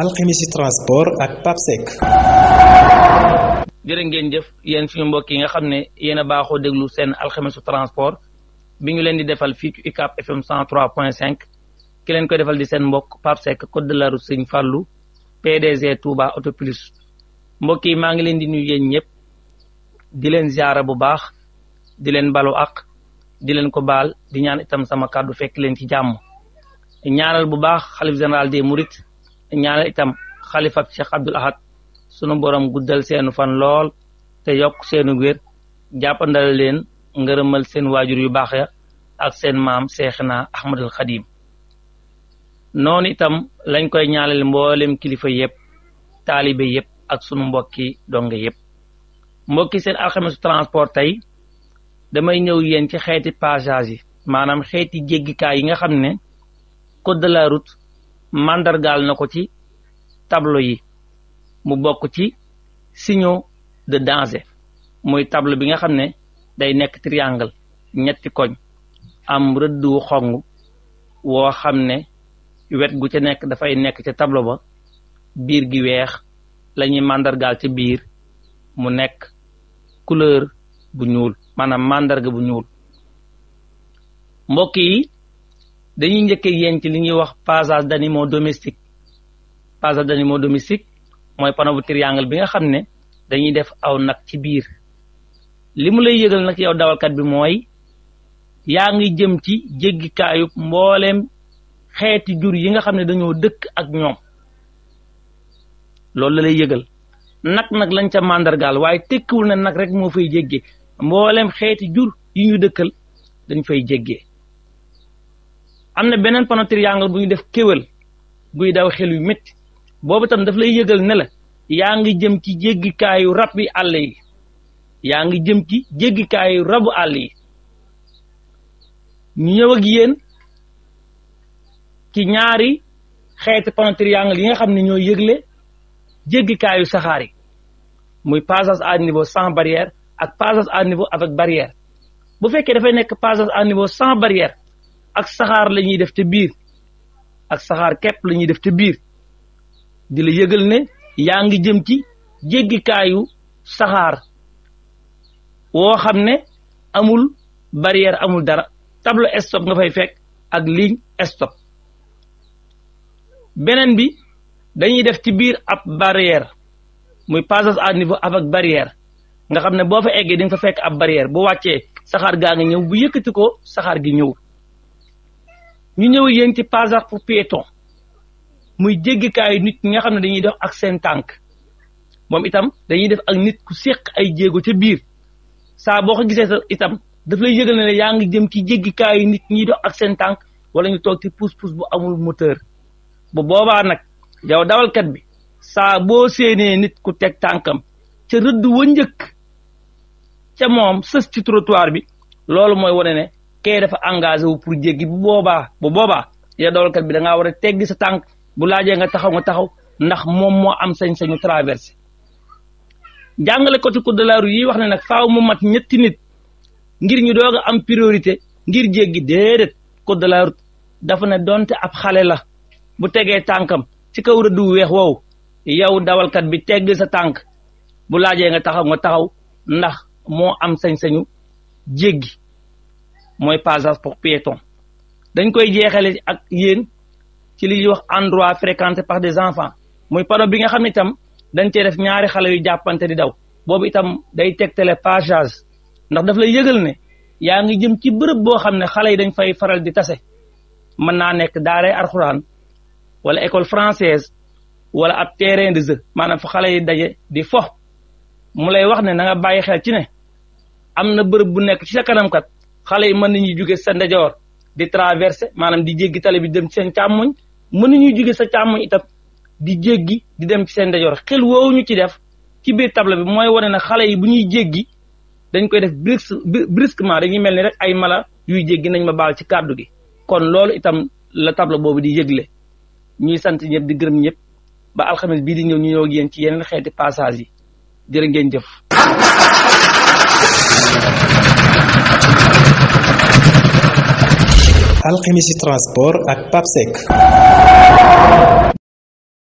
alxemisi transport ak Pape Seck. jërë ngeen jëf yéen suñu mbokk yi nga xam ne yéen a baaxoo déglu seen alxemisu transport bi ñu leen di defal fii ci UCAB FM 103.5 ki leen koy defal di seen mbokk Pape Seck code de la route Sëñ Fallou Touba Auto Plus mbokk yi maa ngi leen di nuy yéen ñëpp di leen ziara bu baax di leen balu ak di leen ko baal di ñaan itam sama kàddu fekk leen ci jàmm ñaanal bu baax xalif général des Mourides ñaanal itam xalifa Cheikh Abdul Ahad sunu borom guddal seenu fan lool te yokk seenu wér jàppandal leen ngërëmal seen waajur yu baax ya ak seen maam Seexina Ahmadul Xadim noonu itam lañ koy ñaanal mboolem kilifa yëpp taalibe yëpp ak sunu mbokki donge yëpp mbokki seen alxames transport tey damay ñëw yéen ci xeeti passage yi maanaam xeeti jéggikaay yi nga xam ne code de la route mandargaal na ko ci tableau yi mu bokk ci signaux de danger muy tableau bi nga xam ne day nekk triangle ñetti koñ am rëdd wu xong woo xam ne wet gu ca nekk dafay nekk ci tablo ba biir gi weex lañuy mandargaal ci biir mu nekk couleur bu ñuul maanaam màndarga bu ñuul mbokk dañuy njëkk ak yéen ci li ñuy wax passage d'animaux domestiques passage d'animaux domestiques mooy panneau bu triangle bi nga xam ne dañuy def aw nag ci biir li mu lay yëgal nag yow dawalkat bi mooy yaa ngi jëm ci jéggikaayub mbooleem xeeti jur yi nga xam ne dañoo dëkk ak ñoom loolu la yëgal nag nag lañ ca màndargaal waaye tekkiwul na nag rek moo fay jéggee mbooleem xeeti jur yi ñu dëkkal dañ fay jéggee am na beneen panneau triangle bu ñu def kéwél buy daw xel yu metti boobu tam daf lay yëgal ne yaa ngi jëm ci jéggikaayu rab àll yi yaa ngi jëm ci jéggikaayu rabu àll yi ñu ñëw ak ci ñaari xeeti panneau yi nga xam ne ñoo yëgle jéggikaayu saxaar yi muy passage à niveau sans barrière ak passage à niveau avec barrière bu fekkee dafay nekk passage à niveau sans barrière ak saxaar lañuy def te biir ak saxaar képp la ñuy def te biir di la yëgal ne yaa ngi jëm ci jéggikaayu saxaar woo xam ne amul barrière amul dara table stop nga fay fekk ak ligne stop beneen bi dañuy def ci biir ab barrière muy passage à niveau ab ak barrière nga xam ne boo fa eggee di nga fa fekk ab barrière boo wàccee saxaar gaa ngi ñëw bu yëkkati ko saxaar gi ñëw ñu ñëw yéen ci passage pour piéton muy jéggikaayu nit ñi nga xam ne dañuy dox ak seen moom itam dañuy def ak nit ku séq ay jéego ci biir saa boo ko gisee sa itam daf lay yëgal ne yaa ngi jëm ci jéggikaayu nit ñiy dox ak seen tànk wala ñu toog ci pousse-pousse bu amul moteur bu boobaa nag yow dawalkat bi saa boo séenee nit ku teg tànkam ca rëdd wa njëkk ca moom sës ci trottoir bi loolu mooy wane ne kee dafa engagé wu pour jéggi bu boobaa bu boobaa ya dawalkat bi da ngaa war a teggi sa tànk bu laajee nga taxaw nga taxaw ndax moom moo am sañ-sañu traversé jàngale côté code de la yi wax ne nag faaw mu mat ñetti nit ngir ñu doog am priorité ngir jéggi déedéet code de dafa ne donte ab xale la bu tegee tànkam ci kaw rëdd weex wow yow dawalkat bi tegg sa tànk bu laajee nga taxaw nga taxaw ndax moo am sañ-sañu jéggi mooy passage pour piéton dañ koy jeexale ak yéen ci li ñuy wax endroit fréquenté par des enfants muy paro bi nga xam ne itam dañ cee def ñaari xale yu jàppante di daw boobu itam day tegtale passage ndax daf lay yëgal ne yaa ngi jëm ci bërëb boo xam ne xale yi dañ fay faral di tase mën naa nekk daaray arxuraan wala école française wala ab terrain de jeu maanaam fa xale yi daje di fo mu lay wax ne na nga bàyyi xel ci ne am na bërëb bu nekk ci sa xale yi mën nañuy jóge sa ndejoor di traversé maanaam di jéggi tali bi dem ci seen càmmoñ mën nañuy jóge sa càmmoñ itam di jéggi di dem seen ndejoor xel woowu ñu ci def ci biir table bi mooy wane na xale yi bu ñuy jéggi dañ koy def brusquement dañuy mel ni rek ay mala yuy jéggi nañ ma baal ci kàddu gi kon loolu itam la table boobu di yëgle ñuy sant ñëpp di gërëm ñëpp ba alxames bii di ñëw ñu ñëw ak yéen ci yeneen xeeti passage yi jërë ngeen jëf alxemisi transport ak Pape